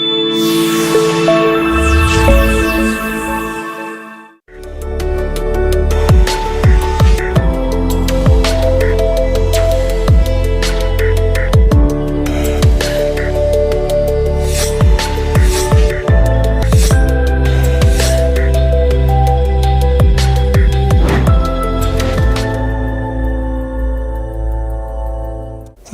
Bye.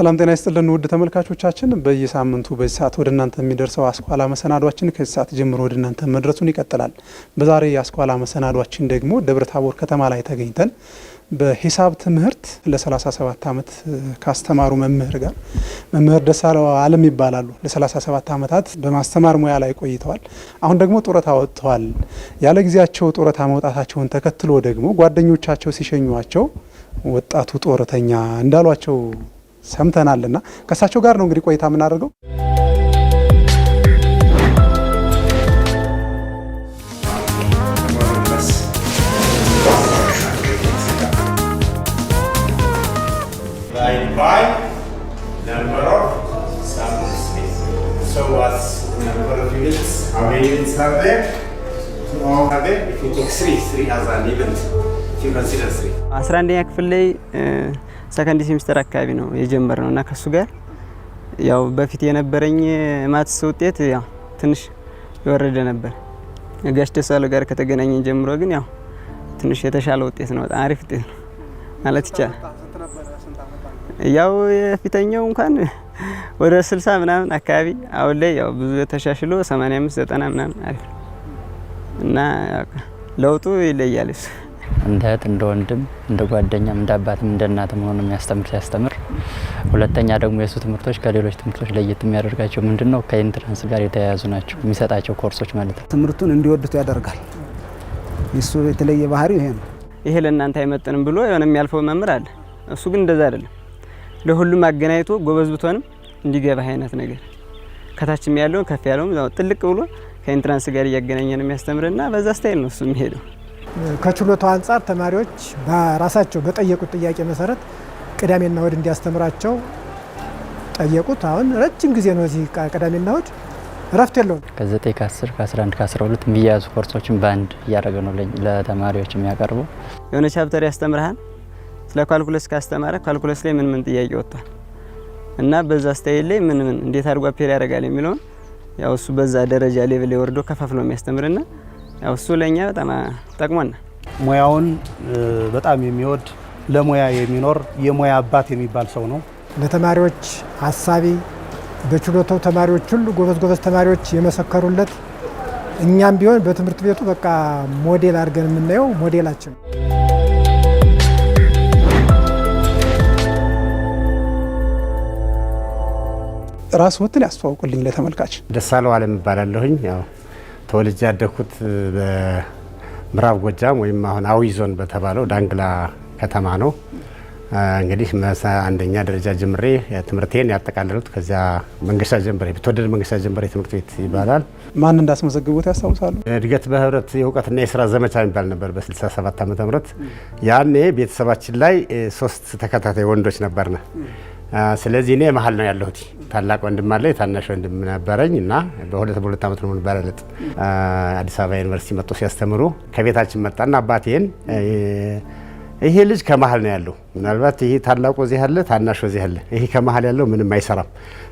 ሰላም ጤና ይስጥልን ውድ ተመልካቾቻችን፣ በየሳምንቱ በዚህ ሰዓት ወደ እናንተ የሚደርሰው አስኳላ መሰናዷችን ከዚህ ሰዓት ጀምሮ ወደ እናንተ መድረሱን ይቀጥላል። በዛሬ የአስኳላ መሰናዷችን ደግሞ ደብረታቦር ከተማ ላይ ተገኝተን በሂሳብ ትምህርት ለ37 ዓመት ካስተማሩ መምህር ጋር መምህር ደሳለው አለም ይባላሉ። ለ37 ዓመታት በማስተማር ሙያ ላይ ቆይተዋል። አሁን ደግሞ ጡረታ ወጥተዋል። ያለ ጊዜያቸው ጡረታ መውጣታቸውን ተከትሎ ደግሞ ጓደኞቻቸው ሲሸኟቸው ወጣቱ ጦረተኛ እንዳሏቸው ሰምተናልና ከእሳቸው ጋር ነው እንግዲህ ቆይታ የምናደርገው። አስራ አንደኛ ክፍል ላይ ሰከንድ ሴሚስተር አካባቢ ነው የጀመር ነው እና ከሱ ጋር ያው በፊት የነበረኝ ማትስ ውጤት ያው ትንሽ የወረደ ነበር። ጋሽ ደሳለው ጋር ከተገናኘን ጀምሮ ግን ያው ትንሽ የተሻለ ውጤት ነው። በጣም አሪፍ ውጤት ነው ማለት ይቻላል። ያው የፊተኛው እንኳን ወደ ስልሳ ምናምን አካባቢ አሁን ላይ ያው ብዙ ተሻሽሎ 85 90 ምናምን አሪፍ ነው እና ለውጡ ይለያል። እንደ እህት እንደ ወንድም እንደ ጓደኛም እንደ አባትም እንደ እናትም ሆኖ የሚያስተምር ሲያስተምር፣ ሁለተኛ ደግሞ የእሱ ትምህርቶች ከሌሎች ትምህርቶች ለየት የሚያደርጋቸው ምንድን ነው? ከኢንትራንስ ጋር የተያያዙ ናቸው። የሚሰጣቸው ኮርሶች ማለት ነው። ትምህርቱን እንዲወዱት ያደርጋል። የእሱ የተለየ ባህሪ ይሄ ነው። ይሄ ለእናንተ አይመጥንም ብሎ የሆነ የሚያልፈው መምህር አለ። እሱ ግን እንደዛ አይደለም። ለሁሉም አገናኝቶ ጎበዝ ብትሆንም እንዲገባህ አይነት ነገር ከታችም ያለውን ከፍ ያለውም ትልቅ ብሎ ከኢንትራንስ ጋር እያገናኘ ነው የሚያስተምርና በዛ ስታይል ነው እሱ የሚሄደው። ከችሎታው አንጻር ተማሪዎች በራሳቸው በጠየቁት ጥያቄ መሰረት ቅዳሜና እሁድ እንዲያስተምራቸው ጠየቁት። አሁን ረጅም ጊዜ ነው እዚህ ቅዳሜና እሁድ እረፍት የለውም። ከ9 ከ10 ከ11 ከ12 የሚያያዙ ኮርሶችን በአንድ እያደረገ ነው ለተማሪዎች የሚያቀርቡ። የሆነ ቻፕተር ያስተምርሃል። ስለ ኳልኩለስ ካስተማረ ኳልኩለስ ላይ ምን ምን ጥያቄ ወጥቷል እና በዛ ስታይል ላይ ምን ምን እንዴት አድርጎ ፔር ያደርጋል የሚለውን ያው እሱ በዛ ደረጃ ሌቭል ወርዶ ከፋፍሎ የሚያስተምርና ያው እሱ ለእኛ በጣም ጠቅሞና ሙያውን በጣም የሚወድ ለሙያ የሚኖር የሙያ አባት የሚባል ሰው ነው። ለተማሪዎች አሳቢ፣ በችሎታው ተማሪዎች ሁሉ ጎበዝ ጎበዝ ተማሪዎች የመሰከሩለት እኛም ቢሆን በትምህርት ቤቱ በቃ ሞዴል አድርገን የምናየው ሞዴላችን ራስዎትን ያስተዋውቁልኝ ለተመልካች። ደሳለው አለም እባላለሁኝ። ያው ተወልጄ ያደግኩት በምዕራብ ጎጃም ወይም አሁን አዊ ዞን በተባለው ዳንግላ ከተማ ነው። እንግዲህ አንደኛ ደረጃ ጀምሬ ትምህርቴን ያጠቃለሉት ከዚያ መንገሻ ጀምበሬ በተወደደ መንገሻ ጀምበሬ ትምህርት ቤት ይባላል። ማን እንዳስመዘግቡት ያስታውሳሉ? እድገት በህብረት የእውቀትና የስራ ዘመቻ የሚባል ነበር በ67 ዓ ም ያኔ ቤተሰባችን ላይ ሶስት ተከታታይ ወንዶች ነበርነ ስለዚህ እኔ መሀል ነው ያለሁት። ታላቅ ወንድም አለ፣ የታናሽ ወንድም ነበረኝ እና በሁለት በሁለት ዓመት ነው የምንበላለጥ። አዲስ አበባ ዩኒቨርሲቲ መጥቶ ሲያስተምሩ ከቤታችን መጣና አባቴን ይሄ ልጅ ከመሀል ነው ያለው። ምናልባት ይሄ ታላቁ እዚህ አለ፣ ታናሽ እዚህ አለ፣ ይሄ ከመሀል ያለው ምንም አይሰራም።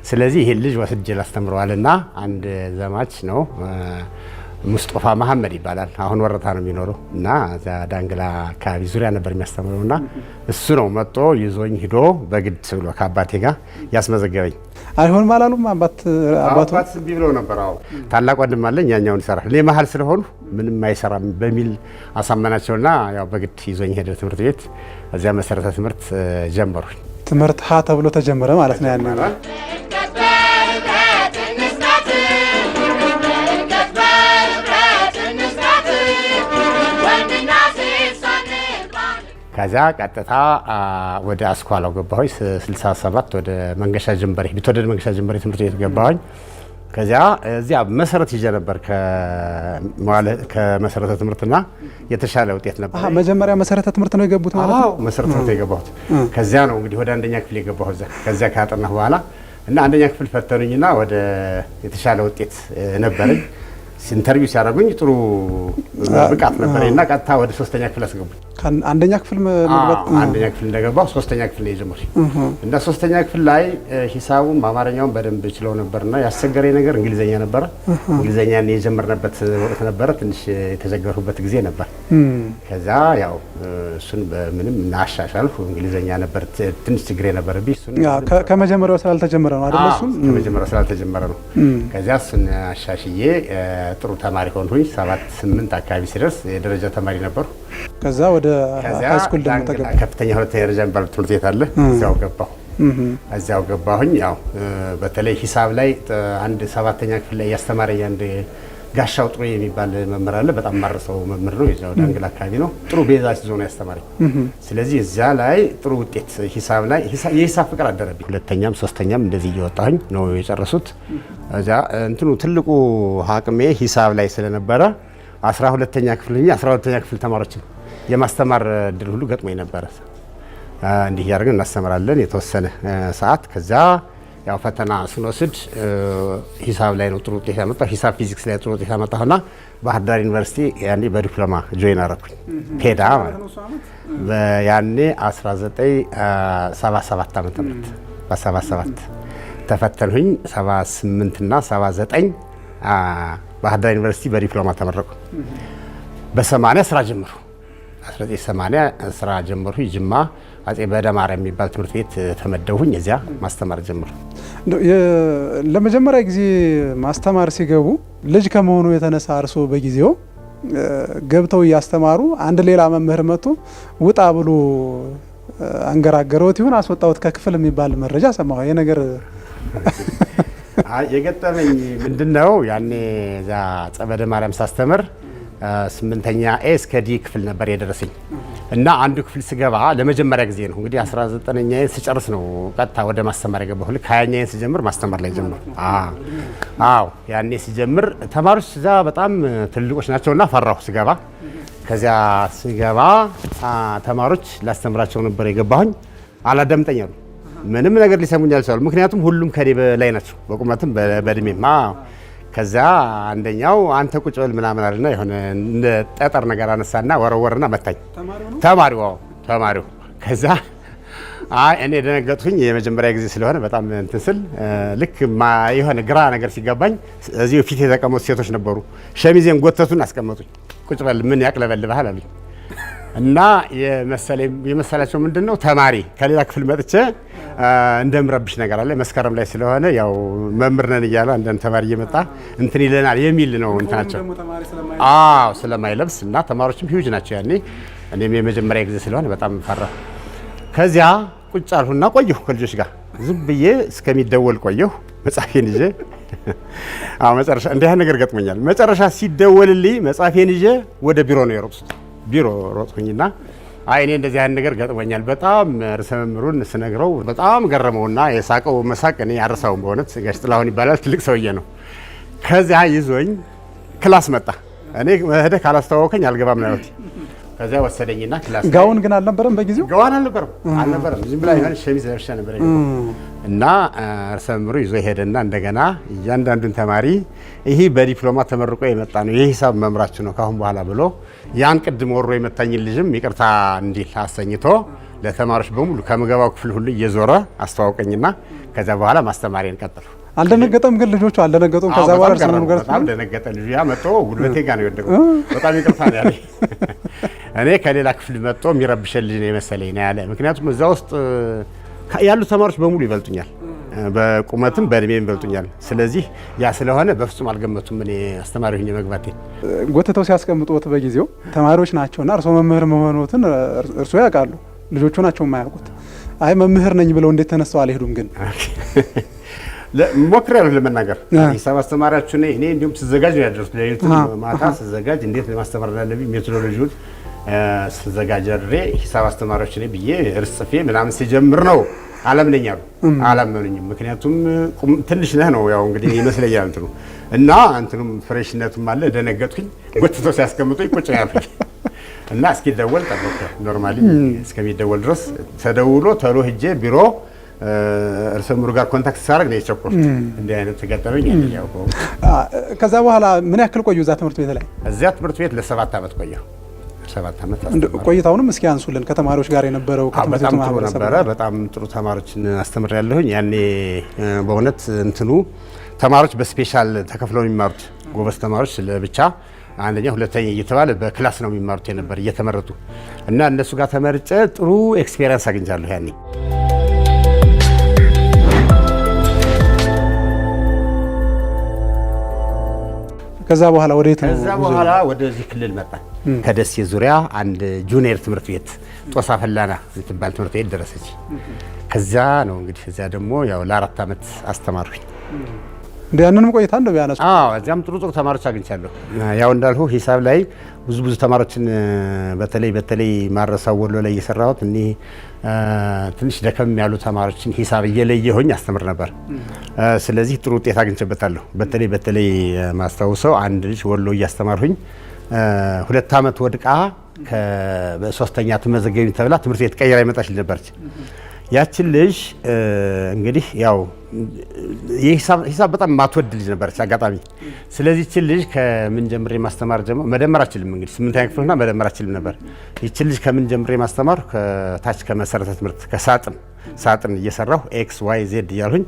ስለዚህ ይሄ ልጅ ወስጄ ላስተምረዋልና አንድ ዘማች ነው ሙስጦፋ መሐመድ ይባላል። አሁን ወረታ ነው የሚኖረው እና እዛ ዳንግላ አካባቢ ዙሪያ ነበር የሚያስተምረው እና እሱ ነው መጦ ይዞኝ ሂዶ በግድ ብሎ ከአባቴ ጋር ያስመዘገበኝ። አይሆንም አላሉም። አባት አባት እምቢ ብለው ነበር። አዎ ታላቅ ወንድም አለኝ፣ ያኛውን ይሰራል፣ እኔ መሀል ስለሆኑ ምንም አይሰራም በሚል አሳመናቸውና ያው በግድ ይዞኝ ሄደ ትምህርት ቤት። እዚያ መሰረተ ትምህርት ጀመሩኝ። ትምህርት ሀ ተብሎ ተጀመረ ማለት ነው ያንን ከዛ ቀጥታ ወደ አስኳላው ገባሁኝ። 67 ወደ መንገሻ ጀንበሬ ቢትወደድ መንገሻ ጀንበሬ ትምህርት ቤት ገባሁኝ። ከዚያ እዚያ መሰረት ይዤ ነበር ከመሰረተ ትምህርትና የተሻለ ውጤት ነበር። መጀመሪያ መሰረተ ትምህርት ነው የገቡት ማለት ነው? መሰረተ ትምህርት የገባሁት ከዚያ ነው እንግዲህ ወደ አንደኛ ክፍል የገባሁት ከዚያ ካጠናሁ በኋላ እና አንደኛ ክፍል ፈተኑኝና ወደ የተሻለ ውጤት ነበረኝ። ኢንተርቪው ሲያደርጉኝ ጥሩ ብቃት ነበረኝ እና ቀጥታ ወደ ሶስተኛ ክፍል አስገቡኝ። አንደኛ ክፍል መግባት አንደኛ ክፍል እንደገባሁ ሶስተኛ ክፍል የጀመር እና ሶስተኛ ክፍል ላይ ሂሳቡም አማርኛውን በደንብ ችለው ነበርና ያስቸገረኝ ነገር እንግሊዘኛ ነበረ። እንግሊዘኛን የጀመርንበት ወቅት ነበረ። ትንሽ የተቸገርሁበት ጊዜ ነበር። ከዛ ያው እሱን በምንም እናሻሻልሁ። እንግሊዘኛ ነበር ትንሽ ችግር የነበረብኝ እሱን ከመጀመሪያው ስላልተጀመረ ነው አይደል? እሱን ከመጀመሪያው ስላልተጀመረ ነው። ከዚያ እሱን አሻሽዬ ጥሩ ተማሪ ሆንሁኝ። ሰባት ስምንት አካባቢ ሲደርስ የደረጃ ተማሪ ነበርኩ። ከዛ ወደ ወደ ሃይስኩል ደግሞ ተገባ። ከፍተኛ ሁለተኛ ደረጃ የሚባል ትምህርት ቤት አለ። እዚያው ገባሁ እዚያው ገባሁኝ። ያው በተለይ ሂሳብ ላይ አንድ ሰባተኛ ክፍል ላይ ያስተማረኝ አንድ ጋሻው ጥሩ የሚባል መምህር አለ። በጣም ማረሰው መምህር ነው። የዛው አካባቢ ነው። ጥሩ ቤዛ ይዞ ነው ያስተማረኝ። ስለዚህ እዚያ ላይ ጥሩ ውጤት ሂሳብ ላይ የሂሳብ ፍቅር አደረብኝ። ሁለተኛም ሶስተኛም እንደዚህ እየወጣሁኝ ነው የጨረሱት። እዚያ እንትኑ ትልቁ ሀቅሜ ሂሳብ ላይ ስለነበረ አስራ ሁለተኛ ክፍል አስራ ሁለተኛ ክፍል ተማሪዎችን የማስተማር እድል ሁሉ ገጥሞ የነበረ እንዲህ እያደረግን እናስተምራለን የተወሰነ ሰዓት። ከዛ ያው ፈተና ስንወስድ ሂሳብ ላይ ነው ጥሩ ውጤት ያመጣ፣ ሂሳብ ፊዚክስ ላይ ጥሩ ውጤት ያመጣሁና ባህር ዳር ዩኒቨርሲቲ ያኔ በዲፕሎማ ጆይን አረኩኝ ፔዳ ማለት ያኔ 1977 ዓ ምህረት በ77 ተፈተንሁኝ 78 እና 79 ባህር ዳር ዩኒቨርሲቲ በዲፕሎማ ተመረቁ። በ80 ስራ ጀምሩ 1980 ስራ ጀመርሁኝ። ጅማ አጼ በደማርያም የሚባል ትምህርት ቤት ተመደቡኝ። እዚያ ማስተማር ጀምር። ለመጀመሪያ ጊዜ ማስተማር ሲገቡ ልጅ ከመሆኑ የተነሳ እርሶ በጊዜው ገብተው እያስተማሩ አንድ ሌላ መምህር መጥቶ ውጣ ብሎ አንገራገረውት ይሁን አስወጣውት ከክፍል የሚባል መረጃ ሰማሁ። ይሄ ነገር የገጠመኝ ምንድን ነው? ያኔ እዛ ጸበደ ማርያም ሳስተምር ስምንተኛ ኤ እስከ ዲ ክፍል ነበር የደረሰኝ እና አንዱ ክፍል ስገባ ለመጀመሪያ ጊዜ ነው እንግዲህ 19 ኛ ስጨርስ ነው ቀጥታ ወደ ማስተማር የገባሁ። ልክ 20ኛዬን ስጀምር ማስተማር ላይ ጀምር። አዎ ያኔ ስጀምር ተማሪዎች እዛ በጣም ትልቆች ናቸው እና ፈራሁ ስገባ። ከዚያ ስገባ ተማሪዎች ላስተምራቸው ነበር የገባሁኝ። አላዳምጠኝ አሉ። ምንም ነገር ሊሰሙኝ አልቻሉ። ምክንያቱም ሁሉም ከኔ በላይ ናቸው በቁመትም በእድሜም ከዛ አንደኛው አንተ ቁጭ በል ምናምን አለና የሆነ ጠጠር ነገር አነሳና ወረወርና መታኝ። ተማሪው አዎ ተማሪው። ከዛ አይ እኔ ደነገጥኩኝ የመጀመሪያ ጊዜ ስለሆነ በጣም እንትን ስል ልክ የሆነ ግራ ነገር ሲገባኝ እዚሁ ፊት የተቀመጡ ሴቶች ነበሩ። ሸሚዜን ጎተቱን አስቀመጡኝ። ቁጭ በል ምን ያቅለበልብሃል አሉኝ እና የመሰላቸው ምንድን ነው ተማሪ ከሌላ ክፍል መጥቼ እንደምረብሽ ነገር አለ። መስከረም ላይ ስለሆነ ያው መምህር ነን እያለ አንዳንድ ተማሪ እየመጣ እንትን ይለናል የሚል ነው እንትናቸው። አዎ ስለማይለብስ እና ተማሪዎችም ሂውጅ ናቸው ያኔ። እኔም የመጀመሪያ ጊዜ ስለሆነ በጣም ፈራሁ። ከዚያ ቁጭ አልሁና ቆየሁ ከልጆች ጋር ዝም ብዬ እስከሚደወል ቆየሁ መጽሐፌን ይዤ። አዎ መጨረሻ እንዲህ ነገር ገጥሞኛል። መጨረሻ ሲደወልልኝ መጽሐፌን ይዤ ወደ ቢሮ ነው የሮጥኩት። ቢሮ ሮጥኩኝና አይ እኔ እንደዚህ አይነት ነገር ገጥሞኛል። በጣም ርዕሰ መምህሩን ስነግረው በጣም ገረመውና የሳቀው መሳቅ እኔ ያረሳውን በእውነት ጋሽ ጥላሁን ይባላል። ትልቅ ሰውዬ ነው። ከዚያ ይዞኝ ክላስ መጣ። እኔ መሄደ ካላስተዋወቀኝ አልገባም ነው ከዚያ ወሰደኝና ክላስ ጋውን ግን አልነበረም፣ በጊዜው ጋውን አልነበረም አልነበረም። ዝም ብላ ይሆን ሸሚዝ ለብሻ ነበር እና አስተምሮ ይዞ ሄደና እንደገና እያንዳንዱን ተማሪ ይሄ በዲፕሎማ ተመርቆ የመጣ ነው የሂሳብ መምራች ነው ካሁን በኋላ ብሎ ያን ቅድም ወሮ የመታኝን ልጅም ይቅርታ እንዲል አሰኝቶ ለተማሪዎች በሙሉ ከምገባው ክፍል ሁሉ እየዞረ አስተዋውቀኝና ከዛ በኋላ ማስተማሪያን ቀጥሉ። አልደነገጠም ግን ልጆቹ አልደነገጡም። ከዛ በኋላ ሰሞኑን ጋር ደነገጠ። ልጁ ያ መጥቶ ጉልበቴ ጋር ነው የወደቀው። በጣም ይቅርታ ነው ያለኝ እኔ ከሌላ ክፍል መጥቶ የሚረብሸን ልጅ ነው የመሰለኝ ነው ያለ። ምክንያቱም እዛ ውስጥ ያሉት ተማሪዎች በሙሉ ይበልጡኛል፣ በቁመትም በእድሜ ይበልጡኛል። ስለዚህ ያ ስለሆነ በፍጹም አልገመቱም እኔ አስተማሪ ሆኜ መግባቴ። ጎትተው ሲያስቀምጡት በጊዜው ተማሪዎች ናቸውና እርስዎ መምህር መሆኖትን እርስዎ ያውቃሉ፣ ልጆቹ ናቸው የማያውቁት። አይ መምህር ነኝ ብለው እንዴት ተነስተው አልሄዱም? ግን ሞክሬያለሁ ለመናገር ሂሳብ አስተማሪያችሁ እኔ እንዲሁም ስዘጋጅ ነው ያደረኩት። ለሌሊቱ ማታ ስዘጋጅ እንዴት ለማስተማር ላለብኝ ሜቶዶሎጂውን ስዘጋጀሬ ሂሳብ አስተማሪዎች እኔ ብዬ እርስ ጽፌ ምናምን ሲጀምር ነው አለም ነኝ አሉ። አላመኑኝም። ምክንያቱም ትንሽ ነህ ነው ያው እንግዲህ ይመስለኛል እንትኑ እና እንትኑም ፍሬሽነቱም አለ። ደነገጥኩኝ። ጎትቶ ሲያስቀምጡ ቁጭ ነው እና እስኪደወል ጠበቅኩ። ኖርማሊ እስከሚደወል ድረስ ተደውሎ ተሎ ህጄ ቢሮ እርሰ ምሩ ጋር ኮንታክት ሳደርግ ነው የቸኮልኩት። እንዲህ አይነት ተገጠመኝ። ያው ከዛ በኋላ ምን ያክል ቆዩ እዛ ትምህርት ቤት ላይ? እዚያ ትምህርት ቤት ለሰባት ዓመት ቆየሁ። ሰባት ዓመት ቆይታውንም እስኪ አንሱልን ከተማሪዎች ጋር የነበረው በጣም ጥሩ ነበረ። በጣም ጥሩ ተማሪዎችን አስተምር ያለሁኝ ያኔ በእውነት እንትኑ ተማሪዎች በስፔሻል ተከፍለው የሚማሩት ጎበዝ ተማሪዎች ለብቻ አንደኛ ሁለተኛ እየተባለ በክላስ ነው የሚማሩት የነበር እየተመረጡ እና እነሱ ጋር ተመርጨ ጥሩ ኤክስፔሪንስ አግኝቻለሁ ያኔ ከዛ በኋላ ወደ የት ነው? ከዛ በኋላ ወደዚህ ክልል መጣን። ከደሴ ዙሪያ አንድ ጁኒየር ትምህርት ቤት ጦሳ ፈላና የምትባል ትምህርት ቤት ደረሰች። ከዛ ነው እንግዲህ እዚያ ደግሞ ያው ለአራት ዓመት አስተማሩኝ። እንደ ያንንም ቆይታ እንደው ያነሱ አዎ፣ እዚያም ጥሩ ጥሩ ተማሪዎች አግኝቻለሁ። ያው እንዳልሁ ሂሳብ ላይ ብዙ ብዙ ተማሪዎችን በተለይ በተለይ ማረሳው ወሎ ላይ እየሰራሁት እኔ ትንሽ ደከም ያሉ ተማሪዎችን ሂሳብ እየለየሁኝ አስተምር ነበር። ስለዚህ ጥሩ ውጤት አግኝቼበታለሁ። በተለይ በተለይ ማስታውሰው አንድ ልጅ ወሎ እያስተማርሁኝ ሁለት ዓመት ወድቃ በሶስተኛ ትመዘገቢ ተብላ ትምህርት ቤት ቀይራ ይመጣችል ነበረች ያችን ልጅ እንግዲህ ያው ሂሳብ በጣም ማትወድ ልጅ ነበረች አጋጣሚ። ስለዚህ ይችን ልጅ ከምን ጀምሬ ማስተማር ጀመር መደመር አችልም እንግዲህ ስምንተኛ ክፍልና መደመር አችልም ነበር። ይችን ልጅ ከምን ጀምሬ ማስተማር ከታች ከመሰረተ ትምህርት ከሳጥን ሳጥን እየሰራሁ ኤክስ ዋይ ዜድ እያልሁኝ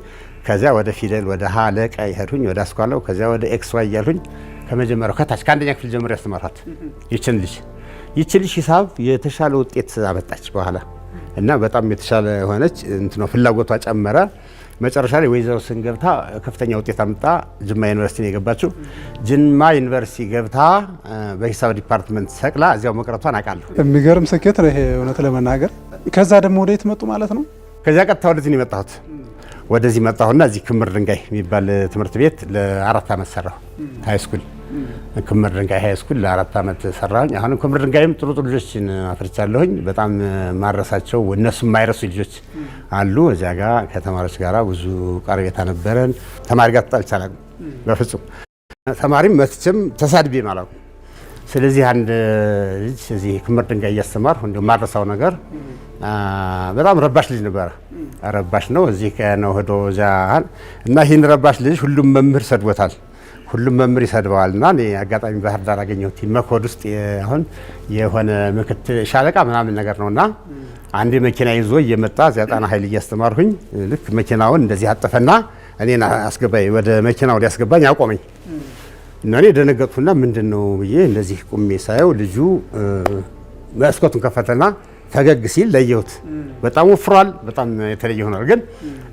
ከዚያ ወደ ፊደል ወደ ሀ ለቀ ይሄድሁኝ ወደ አስኳለው ከዚያ ወደ ኤክስ ዋይ እያልሁኝ ከመጀመሪያው ከታች ከአንደኛ ክፍል ጀምሬ ያስተማርኋት ይችን ልጅ ይችን ልጅ ሂሳብ የተሻለ ውጤት አመጣች በኋላ እና በጣም የተሻለ ሆነች እንትኖ ፍላጎቷ ጨመረ። መጨረሻ ላይ ወይዘሮ ስን ገብታ ከፍተኛ ውጤት አምጣ ጅማ ዩኒቨርሲቲ ነው የገባችው። ጅማ ዩኒቨርሲቲ ገብታ በሂሳብ ዲፓርትመንት ሰቅላ እዚያው መቅረቷን አውቃለሁ። የሚገርም ስኬት ነው ይሄ እውነት ለመናገር። ከዛ ደግሞ ወደ የት መጡ ማለት ነው? ከዚያ ቀጥታ ወደዚህ ነው የመጣሁት። ወደዚህ መጣሁና እዚህ ክምር ድንጋይ የሚባል ትምህርት ቤት ለአራት አመት ሰራሁ ሃይስኩል ክምር ድንጋይ ሀይ ስኩል ለአራት ዓመት ሰራሁኝ። አሁን ክምር ድንጋይም ጥሩ ጥሩ ልጆችን አፍርቻለሁኝ። በጣም ማረሳቸው እነሱ የማይረሱ ልጆች አሉ። እዚያ ጋ ከተማሪዎች ጋራ ብዙ ቀረቤታ ነበረን። ተማሪ ጋር ተጣልቼ በፍጹም። ተማሪም መትቼም ተሳድቤም አላውቅም። ስለዚህ አንድ ልጅ እዚህ ክምር ድንጋይ እያስተማርሁ እንዲሁ ማረሳው ነገር በጣም ረባሽ ልጅ ነበረ። ረባሽ ነው እዚህ ነው ሄዶ እዚያ እና ይህን ረባሽ ልጅ ሁሉም መምህር ሰድቦታል። ሁሉም መምህር ይሰድበዋል እና እኔ አጋጣሚ ባህር ዳር አገኘሁት መኮድ ውስጥ አሁን የሆነ ምክትል ሻለቃ ምናምን ነገር ነው እና አንድ መኪና ይዞ እየመጣ እዚያ ጣና ኃይል እያስተማርሁኝ ልክ መኪናውን እንደዚህ አጠፈና እኔን አስገባኝ ወደ መኪናው ሊያስገባኝ አቆመኝ እና እኔ ደነገጥኩና ምንድን ነው ብዬ እንደዚህ ቁሜ ሳየው ልጁ መስኮቱን ከፈተና ፈገግ ሲል ለየሁት። በጣም ወፍሯል። በጣም የተለየ ሆኗል። ግን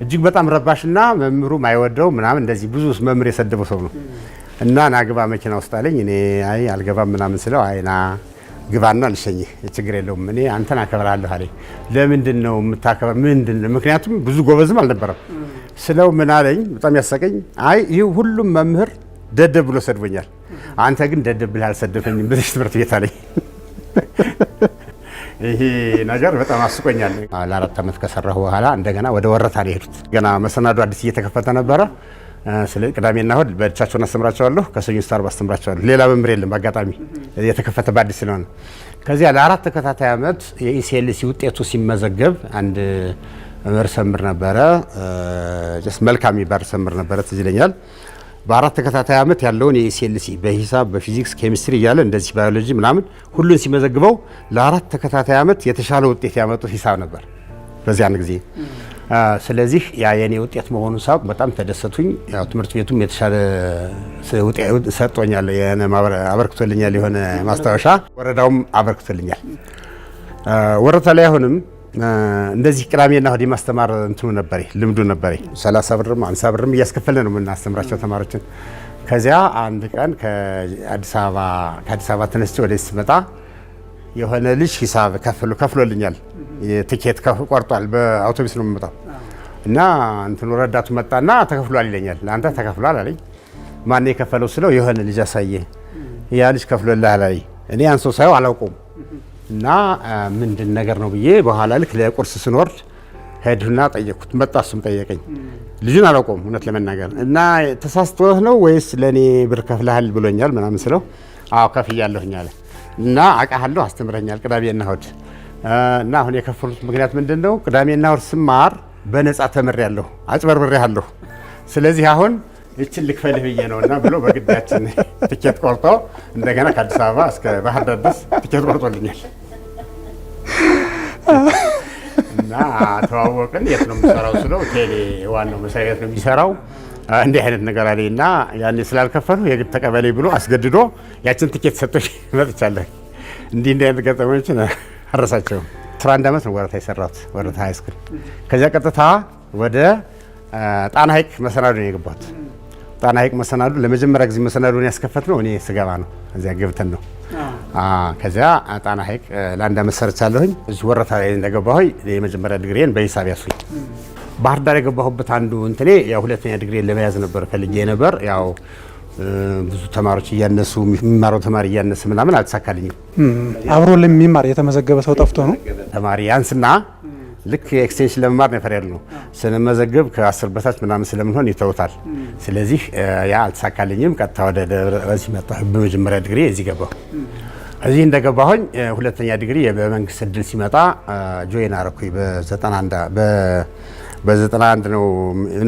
እጅግ በጣም ረባሽና መምህሩ ማይወደው ምናምን እንደዚህ ብዙ መምህር የሰደበው ሰው ነው እና ና ግባ መኪና ውስጥ አለኝ። እኔ አይ አልገባም ምናምን ስለው አይ ና ግባና ልሸኝህ ችግር የለውም እኔ አንተን አከብራለሁ አለኝ። ለምንድን ነው የምታከብር? ምንድን ነው ምክንያቱም ብዙ ጎበዝም አልነበረም ስለው ምን አለኝ፣ በጣም ያሳቀኝ። አይ ይህ ሁሉም መምህር ደደብ ብሎ ሰድቦኛል፣ አንተ ግን ደደብ ብለህ አልሰደፈኝም በዚህ ትምህርት ቤት አለኝ። ይሄ ነገር በጣም አስቆኛል። ለአራት ዓመት ከሰራሁ በኋላ እንደገና ወደ ወረታ ነው የሄዱት። ገና መሰናዶ አዲስ እየተከፈተ ነበረ። ስለ ቅዳሜና እሁድ በቻቸውን አስተምራቸዋለሁ። ከሰኞ እስከ ዓርብ አስተምራቸዋለሁ። ሌላ መምህር የለም። በአጋጣሚ የተከፈተ በአዲስ ስለሆነ ከዚያ ለአራት ተከታታይ ዓመት የኢሲኤልሲ ውጤቱ ሲመዘገብ አንድ መምህር ሰምር ነበረ፣ መልካም የሚባል ሰምር ነበረ፣ ትዝ ይለኛል በአራት ተከታታይ ዓመት ያለውን የኤስኤልሲ በሂሳብ በፊዚክስ ኬሚስትሪ እያለ እንደዚህ ባዮሎጂ ምናምን ሁሉን ሲመዘግበው ለአራት ተከታታይ ዓመት የተሻለ ውጤት ያመጡት ሂሳብ ነበር በዚያን ጊዜ። ስለዚህ ያ የኔ ውጤት መሆኑን ሳውቅ በጣም ተደሰቱኝ። ያው ትምህርት ቤቱም የተሻለ ሰጥቶኛል፣ አበርክቶልኛል፣ የሆነ ማስታወሻ ወረዳውም አበርክቶልኛል። ወረታ ላይ አሁንም እንደዚህ ቅዳሜና እሁድ የማስተማር እንትኑ ነበሬ ልምዱ ነበሬ 30 ብርም 50 ብርም እያስከፈለ ነው የምናስተምራቸው ተማሪዎችን። ከዚያ አንድ ቀን ከአዲስ አበባ ከአዲስ አበባ ተነስቼ ወደ ስመጣ የሆነ ልጅ ሂሳብ ከፍሎ ከፍሎልኛል። ትኬት ቆርጧል። በአውቶቡስ ነው የምመጣው እና እንትኑ ረዳቱ መጣና ተከፍሏል ይለኛል። ለአንተ ተከፍሏል አለኝ። ማን የከፈለው ስለው የሆነ ልጅ አሳየ። ያ ልጅ ከፍሎልሃል አለኝ። እኔ አንሶ ሳየው አላውቀውም እና ምንድን ነገር ነው ብዬ በኋላ ልክ ለቁርስ ስንወርድ ሄድና ጠየቅኩት። መጣ፣ እሱም ጠየቀኝ። ልጁን አላውቀውም እውነት ለመናገር እና ተሳስቶህ ነው ወይስ ለእኔ ብር ከፍለሃል ብሎኛል ምናምን ስለው አዎ ከፍያለሁኝ አለ እና አውቃሃለሁ፣ አስተምረኛል ቅዳሜና እሑድ እና አሁን የከፈሉት ምክንያት ምንድን ነው? ቅዳሜና እሑድ ስማር በነፃ ተምሬያለሁ፣ አጭበርብሬያለሁ። ስለዚህ አሁን ይችን ልክፈልህ ብዬ ነው እና ብሎ በግዳችን ትኬት ቆርጦ እንደገና ከአዲስ አበባ እስከ ባህር ዳር ድረስ ትኬት ቆርጦልኛል እና ተዋወቅን። የት ነው የሚሰራው ስለው ቴሌ ዋናው መስሪያ ቤት ነው የሚሰራው እንዲህ አይነት ነገር አለኝ እና ያኔ ስላልከፈሉ የግብ ተቀበሌ ብሎ አስገድዶ ያችን ትኬት ሰጥቶኝ መጥቻለሁ። እንዲህ እንዲህ አይነት ገጠመኞችን አረሳቸውም። ስራ አንድ አመት ነው ወረታ የሰራሁት ወረታ ሃይስኩል። ከዚያ ቀጥታ ወደ ጣና ሐይቅ መሰናዶ ነው የገባሁት። ጣና ሐይቅ መሰናዱ ለመጀመሪያ ጊዜ መሰናዱን ያስከፈት ነው እኔ ስገባ ነው። እዚያ ገብተን ነው። ከዚያ ጣና ሐይቅ ለአንድ አመት ሰርቻለሁኝ። እዚህ ወረታ ላይ እንደገባሁኝ የመጀመሪያ ድግሬን በሂሳብ ያስኩኝ። ባህር ዳር የገባሁበት አንዱ እንትኔ ያው ሁለተኛ ዲግሪን ለመያዝ ነበር ፈልጌ ነበር። ያው ብዙ ተማሪዎች እያነሱ የሚማረው ተማሪ እያነስ ምናምን አልተሳካልኝም። አብሮ ለሚማር የተመዘገበ ሰው ጠፍቶ ነው ተማሪ ያንስና ልክ ኤክስቴንሽን ለመማር ነበር ያልነው። ስንመዘገብ ከአስር በታች ምናምን ስለምንሆን ይተውታል። ስለዚህ ያ አልተሳካልኝም። ቀጥታ ወደ ደብረዚህ መጣሁ። በመጀመሪያ ዲግሪ እዚህ ገባሁ። እዚህ እንደገባሁኝ ሁለተኛ ዲግሪ በመንግስት እድል ሲመጣ ጆይን አረኩኝ በ91 ነው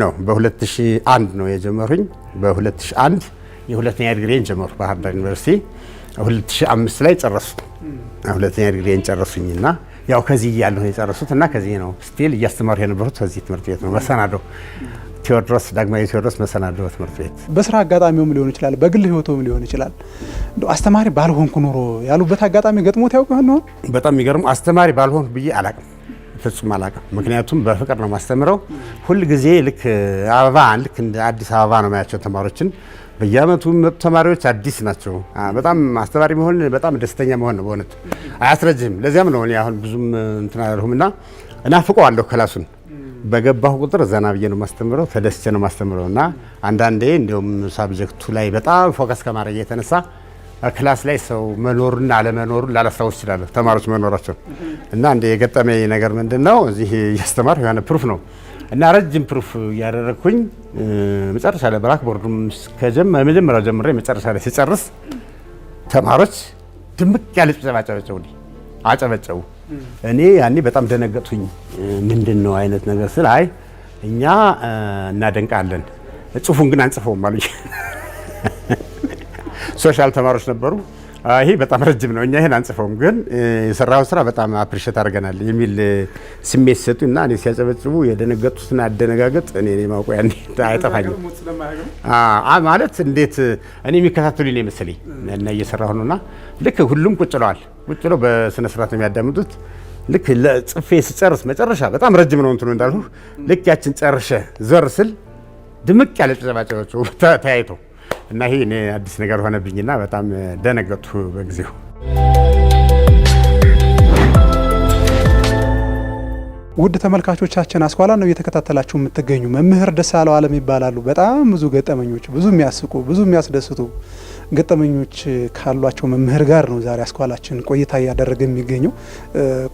ነው በ2001 ነው የጀመሩኝ። በ2001 የሁለተኛ ዲግሪን ጀመሩ ባህር ዳር ዩኒቨርሲቲ 2005 ላይ ጨረሱ። ሁለተኛ ዲግሪን ጨረሱኝና ያው ከዚህ እያለሁ የጨረሱት እና ከዚህ ነው ስቲል እያስተማሩ የነበሩት ከዚህ ትምህርት ቤት ነው። መሰናዶ ቴዎድሮስ ዳግማዊ ቴዎድሮስ መሰናዶ ትምህርት ቤት። በስራ አጋጣሚውም ሊሆን ይችላል፣ በግል ህይወቱም ሊሆን ይችላል። አስተማሪ ባልሆንኩ ኑሮ ያሉበት አጋጣሚ ገጥሞት ያውቅ ይሆን? በጣም የሚገርመው አስተማሪ ባልሆንኩ ብዬ አላቅም ፍጹም አላውቅም። ምክንያቱም በፍቅር ነው የማስተምረው። ሁል ጊዜ ልክ አበባ ልክ እንደ አዲስ አበባ ነው ማያቸው ተማሪዎችን በየአመቱ መጡ ተማሪዎች አዲስ ናቸው። በጣም አስተማሪ መሆን በጣም ደስተኛ መሆን ነው በእውነት አያስረጅም። ለዚያም ነው አሁን ብዙም እንትን አላልሁም እና እናፍቀዋለሁ ክላሱን በገባሁ ቁጥር ዘና ብዬ ነው ማስተምረው፣ ተደስቼ ነው ማስተምረው እና አንዳንዴ እንዲሁም ሳብጀክቱ ላይ በጣም ፎከስ ከማድረግ የተነሳ ክላስ ላይ ሰው መኖሩና አለመኖሩን ላላስታውስ ይችላለሁ፣ ተማሪዎች መኖራቸው እና እንደ የገጠመ ነገር ምንድን ነው እዚህ እያስተማር የሆነ ፕሩፍ ነው እና ረጅም ፕሩፍ እያደረግኩኝ መጨረሻ ላይ ብራክ ቦርዱም መጀመሪያ ጀምሬ መጨረሻ ላይ ሲጨርስ ተማሪዎች ድምቅ ያለ ጭብጨባ አጨበጨቡ፣ አጨበጨቡ። እኔ ያኔ በጣም ደነገጥኩኝ። ምንድን ነው አይነት ነገር ስል አይ እኛ እናደንቃለን ጽሁፉን ግን አንጽፈውም አሉኝ። ሶሻል ተማሪዎች ነበሩ። ይሄ በጣም ረጅም ነው። እኛ ይሄን አንጽፈውም፣ ግን የሰራው ስራ በጣም አፕሪሼት አድርገናል የሚል ስሜት ሰጡ እና እኔ ሲያጨበጭቡ የደነገጡትን አደነጋገጥ እኔ ማውቀ አይጠፋኝም ማለት እንዴት እኔ የሚከታተሉ ነው መሰለኝ እና እየሰራሁ ነውና ልክ ሁሉም ቁጭ ብለዋል። ቁጭ ብለው በስነ ስርዓት ነው የሚያዳምጡት። ልክ ጽፌ ስጨርስ መጨረሻ በጣም ረጅም ነው እንትኑ እንዳልሁ ልክ ያችን ጨርሼ ዘር ስል ድምቅ ያለ ጭብጨባ ተያይቶ እና ይሄ እኔ አዲስ ነገር ሆነብኝና በጣም ደነገጥኩ በጊዜው። ውድ ተመልካቾቻችን አስኳላ ነው እየተከታተላችሁ የምትገኙ። መምህር ደሳለው ዓለም ይባላሉ። በጣም ብዙ ገጠመኞች፣ ብዙ የሚያስቁ፣ ብዙ የሚያስደስቱ ገጠመኞች ካሏቸው መምህር ጋር ነው ዛሬ አስኳላችን ቆይታ እያደረገ የሚገኘው።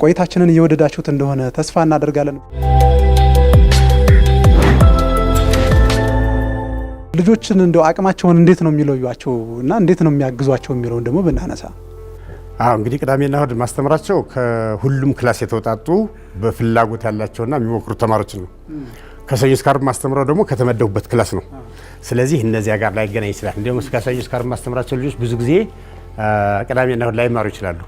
ቆይታችንን እየወደዳችሁት እንደሆነ ተስፋ እናደርጋለን። ልጆችን እንደው አቅማቸውን እንዴት ነው የሚለዩቸው እና እንዴት ነው የሚያግዟቸው የሚለውን ደግሞ ብናነሳ አዎ እንግዲህ ቅዳሜና እሁድ ማስተምራቸው ከሁሉም ክላስ የተውጣጡ በፍላጎት ያላቸውና የሚሞክሩ ተማሪዎች ነው። ከሰኞ እስከ ማስተምረው ደግሞ ከተመደቡበት ክላስ ነው። ስለዚህ እነዚያ ጋር ላይገናኝ ይችላል። እንዲሁም እስከ እስከ ማስተምራቸው ልጆች ብዙ ጊዜ ቅዳሜና እሁድ ላይ ይማሩ ይችላሉ።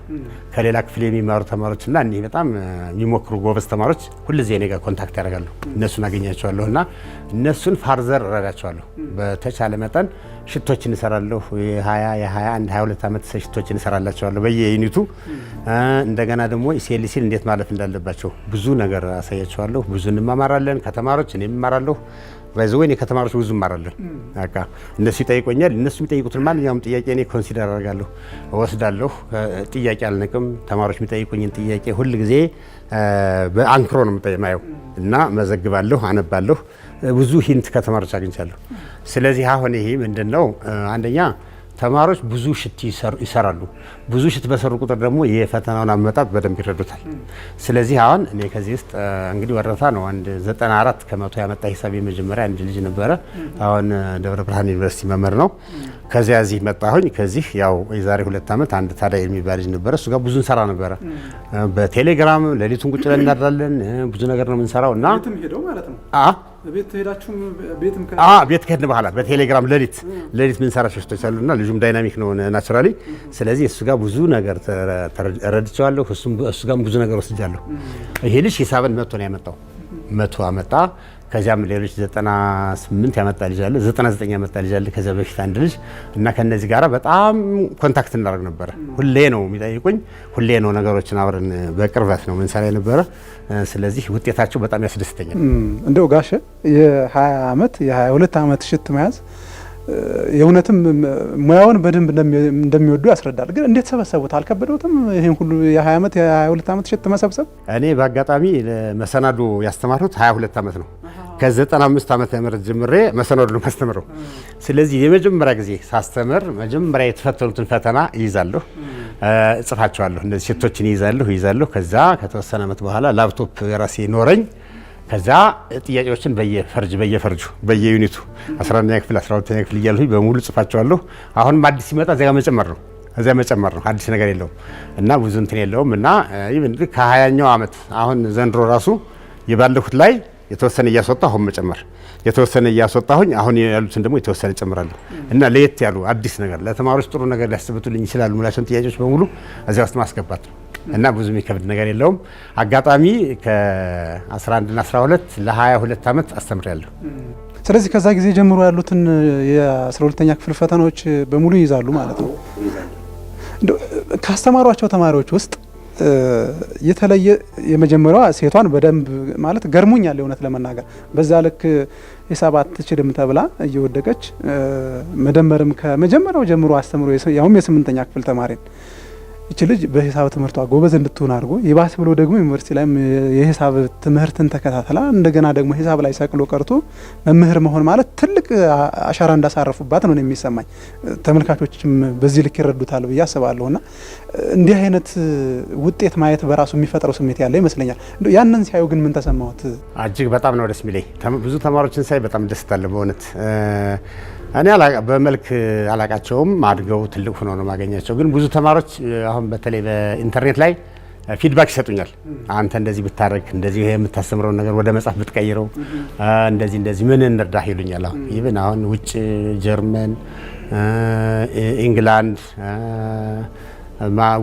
ከሌላ ክፍል የሚማሩ ተማሪዎች እና እኒህ በጣም የሚሞክሩ ጎበዝ ተማሪዎች ሁልጊዜ እኔ ጋር ኮንታክት ያደርጋሉ። እነሱን አገኛቸዋለሁ እና እነሱን ፋርዘር እረዳቸዋለሁ። በተቻለ መጠን ሽቶች እንሰራለሁ። የ20 የ21 22 ዓመት ሽቶች እንሰራላቸዋለሁ በየዩኒቱ። እንደገና ደግሞ ኢሲኤልሲን እንዴት ማለፍ እንዳለባቸው ብዙ ነገር አሳያቸዋለሁ። ብዙ እንማማራለን ከተማሪዎች፣ እኔ እማራለሁ። ባይዘወይ እኔ ከተማሪዎች ብዙ እማራለሁ። በቃ እነሱ ይጠይቆኛል፣ እነሱ የሚጠይቁትን ማንኛውም ጥያቄ እኔ ኮንሲደር አደርጋለሁ፣ ወስዳለሁ ጥያቄ አልንቅም። ተማሪዎች የሚጠይቁኝን ጥያቄ ሁል ጊዜ በአንክሮ ነው የማየው እና መዘግባለሁ፣ አነባለሁ። ብዙ ሂንት ከተማሪዎች አግኝቻለሁ። ስለዚህ አሁን ይሄ ምንድን ነው አንደኛ ተማሪዎች ብዙ ሽት ይሰራሉ። ብዙ ሽት በሰሩ ቁጥር ደግሞ የፈተናውን አመጣጥ በደንብ ይረዱታል። ስለዚህ አሁን እኔ ከዚህ ውስጥ እንግዲህ ወረታ ነው አንድ 94 ከመቶ ያመጣ ሂሳብ የመጀመሪያ አንድ ልጅ ነበረ። አሁን ደብረ ብርሃን ዩኒቨርሲቲ መምህር ነው። ከዚያ እዚህ መጣሁኝ። ከዚህ ያው የዛሬ ሁለት ዓመት አንድ ታዳ የሚባል ልጅ ነበረ። እሱ ጋር ብዙ እንሰራ ነበረ። በቴሌግራም ሌሊቱን ቁጭ ብለን እናድራለን። ብዙ ነገር ነው የምንሰራው እና ቤት ሄዳችሁም ከሄድን በኋላ በቴሌግራም ሌሊት ሌሊት ምንሰራቸው ሽቶች አሉና ልጁም ዳይናሚክ ነው ናቹራሊ። ስለዚህ እሱ ጋር ብዙ ነገር ረድቸዋለሁ፣ እሱ ጋርም ብዙ ነገር ወስጃለሁ። ይሄ ልጅ ሂሳብን መቶ ነው ያመጣው፣ መቶ አመጣ። ከዚያም ሌሎች 98 ያመጣ ልጅ አለ፣ 99 ያመጣ ልጅ አለ። ከዚያ በፊት አንድ ልጅ እና ከነዚህ ጋራ በጣም ኮንታክት እናደርግ ነበረ። ሁሌ ነው የሚጠይቁኝ፣ ሁሌ ነው ነገሮችን አብረን በቅርበት ነው ምንሰራ የነበረ። ስለዚህ ውጤታቸው በጣም ያስደስተኛል። እንደው ጋሸ የ20 ዓመት የ22 ዓመት ሽት መያዝ የእውነትም ሙያውን በደንብ እንደሚወዱ ያስረዳል። ግን እንዴት ሰበሰቡት? አልከበደውትም? ይህን ሁሉ የ20 ዓመት የ22 ዓመት እሸት መሰብሰብ። እኔ በአጋጣሚ መሰናዶ ያስተማሩት 22 ዓመት ነው። ከ95 ዓመተ ምህረት ጀምሬ መሰናዶ ነው ማስተምረው። ስለዚህ የመጀመሪያ ጊዜ ሳስተምር መጀመሪያ የተፈተኑትን ፈተና ይይዛለሁ፣ እጽፋቸዋለሁ። እነዚህ እሸቶችን ይይዛለሁ ይይዛለሁ። ከዛ ከተወሰነ ዓመት በኋላ ላፕቶፕ የራሴ ኖረኝ። ከዛ ጥያቄዎችን በየፈርጅ በየፈርጁ በየዩኒቱ 11ኛ ክፍል 12ኛ ክፍል እያልሁኝ በሙሉ ጽፋቸዋለሁ። አሁንም አዲስ ሲመጣ እዚያ መጨመር ነው እዚያ መጨመር ነው። አዲስ ነገር የለውም እና ብዙ እንትን የለውም እና ከሀያኛው ዓመት አሁን ዘንድሮ ራሱ የባለፉት ላይ የተወሰነ እያስወጣ አሁን መጨመር የተወሰነ እያስወጣሁኝ አሁን ያሉትን ደግሞ የተወሰነ እጨምራለሁ እና ለየት ያሉ አዲስ ነገር ለተማሪዎች ጥሩ ነገር ሊያስብቱልኝ ይችላሉ ሙላቸውን ጥያቄዎች በሙሉ እዚያ ውስጥ ማስገባት ነው። እና ብዙ የሚከብድ ነገር የለውም። አጋጣሚ ከ 11 እና 12 ለ22 ዓመት አስተምሬያለሁ። ስለዚህ ከዛ ጊዜ ጀምሮ ያሉትን የ12ኛ ክፍል ፈተናዎች በሙሉ ይይዛሉ ማለት ነው። ካስተማሯቸው ተማሪዎች ውስጥ የተለየ የመጀመሪያዋ ሴቷን በደንብ ማለት ገርሞኛል፣ የእውነት ለመናገር በዛ ልክ ሂሳብ አትችልም ተብላ እየወደቀች መደመርም ከመጀመሪያው ጀምሮ አስተምሮ ያውም የስምንተኛ ክፍል ተማሪን ይች ልጅ በሂሳብ ትምህርቷ ጎበዝ እንድትሆን አድርጎ የባስ ብሎ ደግሞ ዩኒቨርሲቲ ላይም የሂሳብ ትምህርትን ተከታተላ እንደገና ደግሞ ሂሳብ ላይ ሰቅሎ ቀርቶ መምህር መሆን ማለት ትልቅ አሻራ እንዳሳረፉባት ነው የሚሰማኝ። ተመልካቾችም በዚህ ልክ ይረዱታል ብዬ አስባለሁ። እና እንዲህ አይነት ውጤት ማየት በራሱ የሚፈጥረው ስሜት ያለ ይመስለኛል። ያንን ሲያዩ ግን ምን ተሰማሁት? እጅግ በጣም ነው ደስ የሚለኝ። ብዙ ተማሪዎችን ሳይ በጣም ደስታለ በእውነት እኔ በመልክ አላቃቸውም አድገው ትልቅ ሆኖ ነው የማገኛቸው። ግን ብዙ ተማሪዎች አሁን በተለይ በኢንተርኔት ላይ ፊድባክ ይሰጡኛል። አንተ እንደዚህ ብታደርግ፣ እንደዚህ የምታስተምረውን ነገር ወደ መጽሐፍ ብትቀይረው፣ እንደዚህ እንደዚህ ምን እንርዳህ ይሉኛል። አሁን ይብን አሁን ውጭ ጀርመን፣ ኢንግላንድ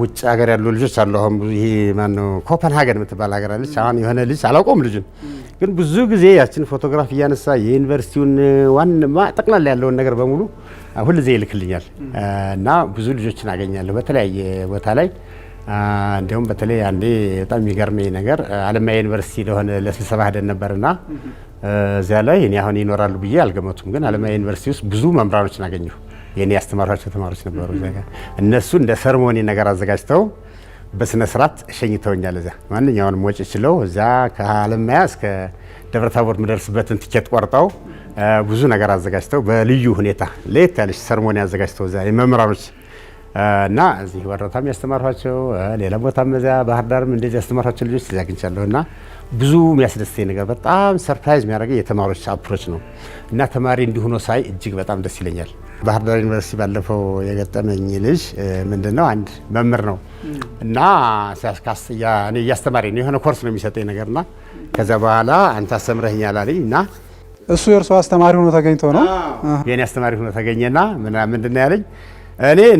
ውጭ ሀገር ያሉ ልጆች አሉ። አሁን ይሄ ማነው ኮፐንሃገን የምትባል ሀገር አለች። አሁን የሆነ ልጅ አላውቀውም ልጁን፣ ግን ብዙ ጊዜ ያችን ፎቶግራፍ እያነሳ የዩኒቨርሲቲውን ዋን ጠቅላላ ያለውን ነገር በሙሉ ሁልጊዜ ይልክልኛል እና ብዙ ልጆችን አገኛለሁ በተለያየ ቦታ ላይ እንዲሁም በተለይ አንዴ በጣም የሚገርመኝ ነገር አለማያ ዩኒቨርሲቲ ለሆነ ለስብሰባ ሄደን ነበርና እዚያ ላይ እኔ አሁን ይኖራሉ ብዬ አልገመቱም፣ ግን አለማያ ዩኒቨርሲቲ ውስጥ ብዙ መምህራኖችን አገኘሁ። የኔ ያስተማሯቸው ተማሪዎች ነበሩ። እነሱ እንደ ሰርሞኒ ነገር አዘጋጅተው በስነ ስርዓት እሸኝተውኛል። እዚያ ማንኛውንም ወጪ ችለው እዚያ ከአለማያ እስከ ደብረ ታቦር የምደርስበትን ትኬት ቆርጠው ብዙ ነገር አዘጋጅተው በልዩ ሁኔታ ለየት ያለች ሰርሞኒ አዘጋጅተው እዚያ የመምህራኖች እና እዚህ ወረታም ያስተማርኋቸው ሌላ ቦታም እዚያ ባህር ዳርም እንደዚህ ያስተማርኋቸው ልጆች እዚያ አግኝቻለሁ። እና ብዙ የሚያስደስተኝ ነገር በጣም ሰርፕራይዝ የሚያደርገኝ የተማሪዎች አፕሮች ነው እና ተማሪ እንዲሆኖ ሳይ እጅግ በጣም ደስ ይለኛል። ባህር ዳር ዩኒቨርሲቲ ባለፈው የገጠመኝ ልጅ ምንድነው አንድ መምህር ነው እና ሲያስካስያ እኔ እያስተማረኝ ነው የሆነ ኮርስ ነው የሚሰጠኝ ነገርና ከዛ በኋላ አንተ አስተምረህኛል አለኝ እና እሱ የእርሶ አስተማሪ ሆኖ ተገኝቶ ነው የእኔ አስተማሪ ሆኖ ተገኘና ምንድን ነው ያለኝ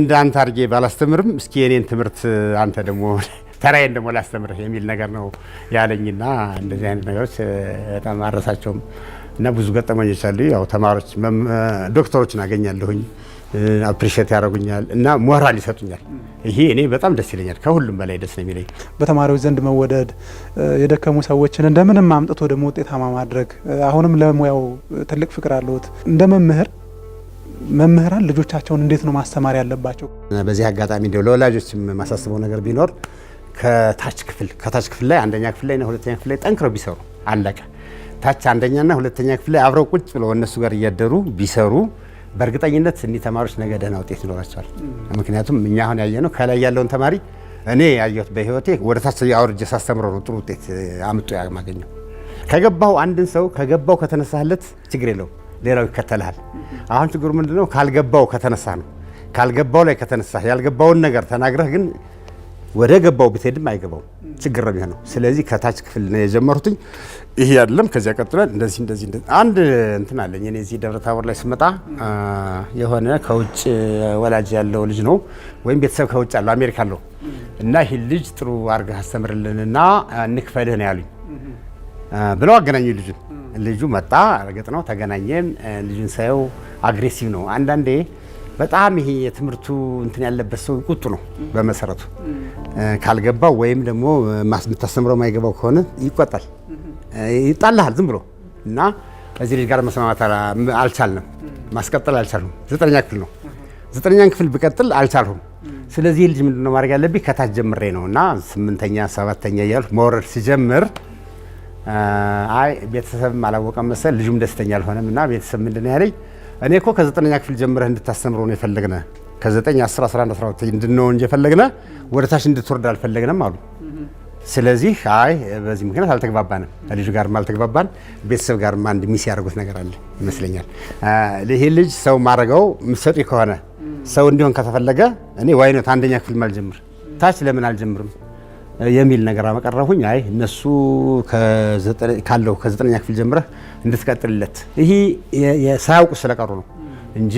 እኔ አንተ አድርጌ ባላስተምርም እስኪ የኔን ትምህርት አንተ ደግሞ ተራዬን ደግሞ ላስተምርህ የሚል ነገር ነው ያለኝና እንደዚህ አይነት ነገሮች በጣም አረሳቸውም። እና ብዙ ገጠመኞች አሉ። ያው ተማሪዎች ዶክተሮችን አገኛለሁኝ፣ አፕሪሼት ያደርጉኛል እና ሞራል ይሰጡኛል። ይሄ እኔ በጣም ደስ ይለኛል። ከሁሉም በላይ ደስ ነው የሚለኝ በተማሪዎች ዘንድ መወደድ፣ የደከሙ ሰዎችን እንደምንም አምጥቶ ደግሞ ውጤታማ ማድረግ። አሁንም ለሙያው ትልቅ ፍቅር አለሁት እንደ መምህር መምህራን ልጆቻቸውን እንዴት ነው ማስተማር ያለባቸው? በዚህ አጋጣሚ እንደው ለወላጆችም የማሳስበው ነገር ቢኖር ከታች ክፍል ከታች ክፍል ላይ አንደኛ ክፍል ላይ ሁለተኛ ክፍል ላይ ጠንክረው ቢሰሩ አለቀ። ታች አንደኛና ሁለተኛ ክፍል ላይ አብረው ቁጭ ብለው እነሱ ጋር እያደሩ ቢሰሩ በእርግጠኝነት እኒህ ተማሪዎች ነገ ደህና ውጤት ይኖራቸዋል። ምክንያቱም እኛ አሁን ያየነው ከላይ ያለውን ተማሪ እኔ ያየሁት በህይወቴ ወደ ታች አውርጄ ሳስተምረው ነው ጥሩ ውጤት አምጡ የማገኘው። ከገባው አንድን ሰው ከገባው ከተነሳለት ችግር የለው፣ ሌላው ይከተልሃል። አሁን ችግሩ ምንድነው? ካልገባው ከተነሳ ነው። ካልገባው ላይ ከተነሳ ያልገባውን ነገር ተናግረህ ግን ወደ ገባው ብትሄድም አይገባው ችግር ነው የሚሆነው። ስለዚህ ከታች ክፍል ነው የጀመሩትኝ። ይሄ አይደለም። ከዚያ ቀጥሎ እንደዚህ እንደዚህ አንድ እንትን አለኝ። እኔ እዚህ ደብረ ታቦር ላይ ስመጣ የሆነ ከውጭ ወላጅ ያለው ልጅ ነው ወይም ቤተሰብ ከውጭ ያለው አሜሪካ አለው እና ይህ ልጅ ጥሩ አድርገህ አስተምርልንና እንክፈልህ ነው ያሉኝ ብለው አገናኙ ልጁን። ልጁ መጣ፣ እርግጥ ነው ተገናኘን። ልጁን ሳየው አግሬሲቭ ነው አንዳንዴ በጣም ይሄ የትምህርቱ እንትን ያለበት ሰው ቁጡ ነው በመሰረቱ ካልገባው ወይም ደግሞ የምታስተምረው ማይገባው ከሆነ ይቆጣል፣ ይጣልሃል ዝም ብሎ እና ከዚህ ልጅ ጋር መስማማት አልቻልንም፣ ማስቀጠል አልቻልሁም። ዘጠነኛ ክፍል ነው። ዘጠነኛን ክፍል ብቀጥል አልቻልሁም። ስለዚህ ልጅ ምንድን ነው ማድረግ ያለብኝ ከታች ጀምሬ ነው እና ስምንተኛ ሰባተኛ እያልኩ መውረድ ሲጀምር አይ ቤተሰብም አላወቀም መሰል ልጁም ደስተኛ አልሆነም እና ቤተሰብ ምንድን ነው ያለኝ እኔ እኮ ከዘጠነኛ ክፍል ጀምረህ እንድታስተምረው ነው የፈለግነ ከዘጠኝ አስር አስራ አንድ አስራ ሁለት እንድንሆን እንጂ የፈለግነ ወደ ታች እንድትወርድ አልፈለግንም አሉ። ስለዚህ አይ በዚህ ምክንያት አልተግባባንም፣ ልጁ ጋርም አልተግባባን፣ ቤተሰብ ጋርም አንድ ሚስ ያደርጉት ነገር አለ ይመስለኛል። ይህ ልጅ ሰው ማድረገው ምሰጡ ከሆነ ሰው እንዲሆን ከተፈለገ እኔ ዋይነት አንደኛ ክፍል አልጀምር ታች ለምን አልጀምርም የሚል ነገር አመቀረሁኝ። አይ እነሱ ካለው ከዘጠነኛ ክፍል ጀምረህ እንድትቀጥልለት ይህ ሳያውቁ ስለቀሩ ነው እንጂ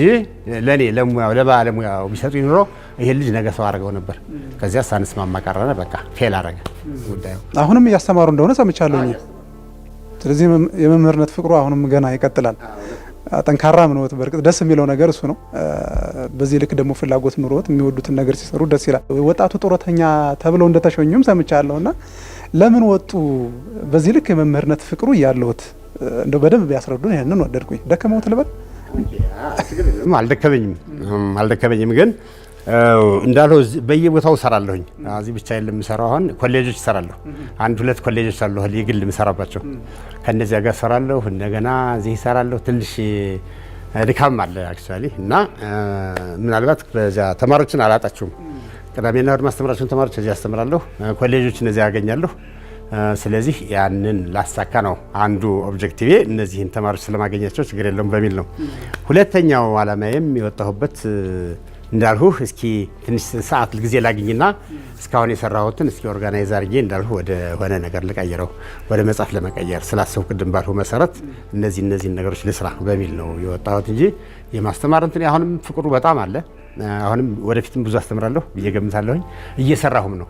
ለእኔ ለሙያው ለባለሙያው ቢሰጡ ኑሮ ይሄን ልጅ ነገ ሰው አድርገው ነበር። ከዚያ ሳንስማማ ቀረነ። በቃ ፌል አረገ ጉዳዩ። አሁንም እያስተማሩ እንደሆነ ሰምቻለሁ። ስለዚህ የመምህርነት ፍቅሩ አሁንም ገና ይቀጥላል። ጠንካራ ምኖት በርቅ ደስ የሚለው ነገር እሱ ነው። በዚህ ልክ ደግሞ ፍላጎት ኑሮት የሚወዱትን ነገር ሲሰሩ ደስ ይላል። ወጣቱ ጡረተኛ ተብለው እንደተሸኙም ሰምቻለሁ እና ለምን ወጡ? በዚህ ልክ የመምህርነት ፍቅሩ እያለሁት እንደው በደንብ ቢያስረዱን ይህንን ወደድኩኝ። ደከመውት ልበል አልደከበኝም፣ አልደከበኝም ግን እንዳልሁ በየቦታው እሰራለሁኝ። እዚህ ብቻ የለም የምሰራው። አሁን ኮሌጆች እሰራለሁ። አንድ ሁለት ኮሌጆች አለሁ የግል የምሰራባቸው፣ ከእነዚያ ጋር እሰራለሁ። እንደገና እዚህ እሰራለሁ። ትንሽ ድካም አለ አክቹዋሊ እና ምናልባት በዚያ ተማሪዎችን አላጣችሁም። ቅዳሜና እሑድ ማስተምራቸውን ተማሪዎች እዚህ አስተምራለሁ። ኮሌጆችን እነዚያ ያገኛለሁ። ስለዚህ ያንን ላሳካ ነው አንዱ ኦብጀክቲቭ። እነዚህን ተማሪዎች ስለማገኛቸው ችግር የለውም በሚል ነው። ሁለተኛው አላማዬም የወጣሁበት እንዳልሁ እስኪ ትንሽ ሰዓት ጊዜ ላግኝና እስካሁን የሰራሁትን እስኪ ኦርጋናይዝ አድርጌ እንዳልሁ ወደ ሆነ ነገር ልቀይረው ወደ መጽሐፍ ለመቀየር ስላሰብኩ ቅድም ባልሁ መሰረት እነዚህ እነዚህን ነገሮች ልስራ በሚል ነው የወጣሁት እንጂ የማስተማር እንትን አሁንም ፍቅሩ በጣም አለ። አሁንም ወደፊትም ብዙ አስተምራለሁ ብዬ ገምታለሁኝ። እየሰራሁም ነው።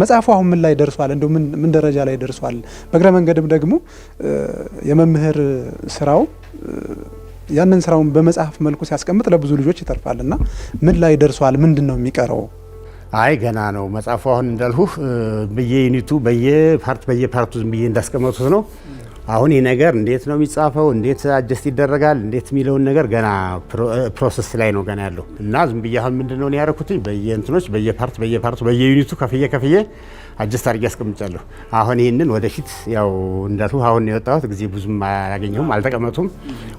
መጽሐፉ አሁን ምን ላይ ደርሷል? እንዲሁ ምን ደረጃ ላይ ደርሷል? በእግረ መንገድም ደግሞ የመምህር ስራው ያንን ስራውን በመጽሐፍ መልኩ ሲያስቀምጥ ለብዙ ልጆች ይተርፋል እና ምን ላይ ደርሷል? ምንድን ነው የሚቀረው? አይ ገና ነው መጽሐፉ። አሁን እንዳልሁ በየዩኒቱ በየፓርት በየፓርቱ ዝም ብዬ እንዳስቀመጡት ነው አሁን ይህ ነገር እንዴት ነው የሚጻፈው፣ እንዴት አጀስት ይደረጋል፣ እንዴት የሚለውን ነገር ገና ፕሮሰስ ላይ ነው ገና ያለው እና ዝም ብዬ አሁን ምንድን ነው ያደረኩት በየእንትኖች በየፓርት በየፓርቱ በየዩኒቱ ከፍዬ ከፍዬ አጀስት አድርጌ አስቀምጫለሁ። አሁን ይህንን ወደፊት ያው እንዳቱ አሁን የወጣሁት ጊዜ ብዙም አላገኘሁም፣ አልተቀመጡም።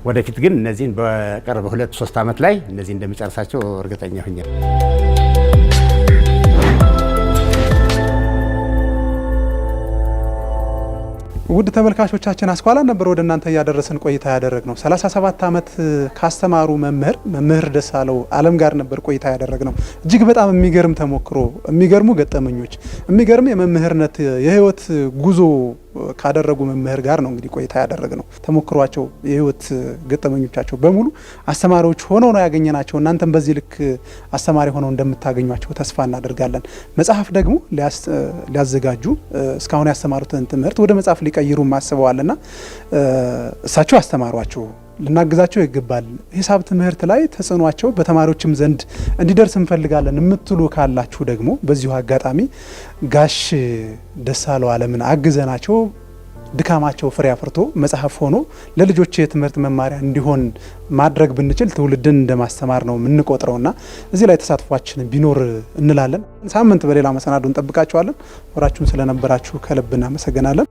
ወደፊት ግን እነዚህን በቀረበ ሁለት ሶስት ዓመት ላይ እነዚህ እንደሚጨርሳቸው እርግጠኛ ሆኛል። ውድ ተመልካቾቻችን አስኳላ ነበር ወደ እናንተ እያደረስን ቆይታ ያደረግ ነው። 37 ዓመት ካስተማሩ መምህር መምህር ደሳለው አለም ጋር ነበር ቆይታ ያደረግ ነው። እጅግ በጣም የሚገርም ተሞክሮ፣ የሚገርሙ ገጠመኞች፣ የሚገርም የመምህርነት የህይወት ጉዞ ካደረጉ መምህር ጋር ነው እንግዲህ ቆይታ ያደረግ ነው። ተሞክሯቸው፣ የህይወት ገጠመኞቻቸው በሙሉ አስተማሪዎች ሆነው ነው ያገኘናቸው። እናንተም በዚህ ልክ አስተማሪ ሆነው እንደምታገኟቸው ተስፋ እናደርጋለን። መጽሐፍ ደግሞ ሊያዘጋጁ እስካሁን ያስተማሩትን ትምህርት ወደ መጽሐፍ ሊቀይሩ አስበዋልና እሳቸው አስተማሯቸው ልናግዛቸው ይገባል። ሂሳብ ትምህርት ላይ ተጽዕኖቸው በተማሪዎችም ዘንድ እንዲደርስ እንፈልጋለን የምትሉ ካላችሁ ደግሞ በዚሁ አጋጣሚ ጋሽ ደሳለው አለምን አግዘናቸው ድካማቸው ፍሬ አፍርቶ መጽሐፍ ሆኖ ለልጆች የትምህርት መማሪያ እንዲሆን ማድረግ ብንችል ትውልድን እንደማስተማር ነው የምንቆጥረውና እዚህ ላይ ተሳትፏችን ቢኖር እንላለን። ሳምንት በሌላ መሰናዶ እንጠብቃቸዋለን። ወራችሁን ስለነበራችሁ ከልብ እናመሰግናለን።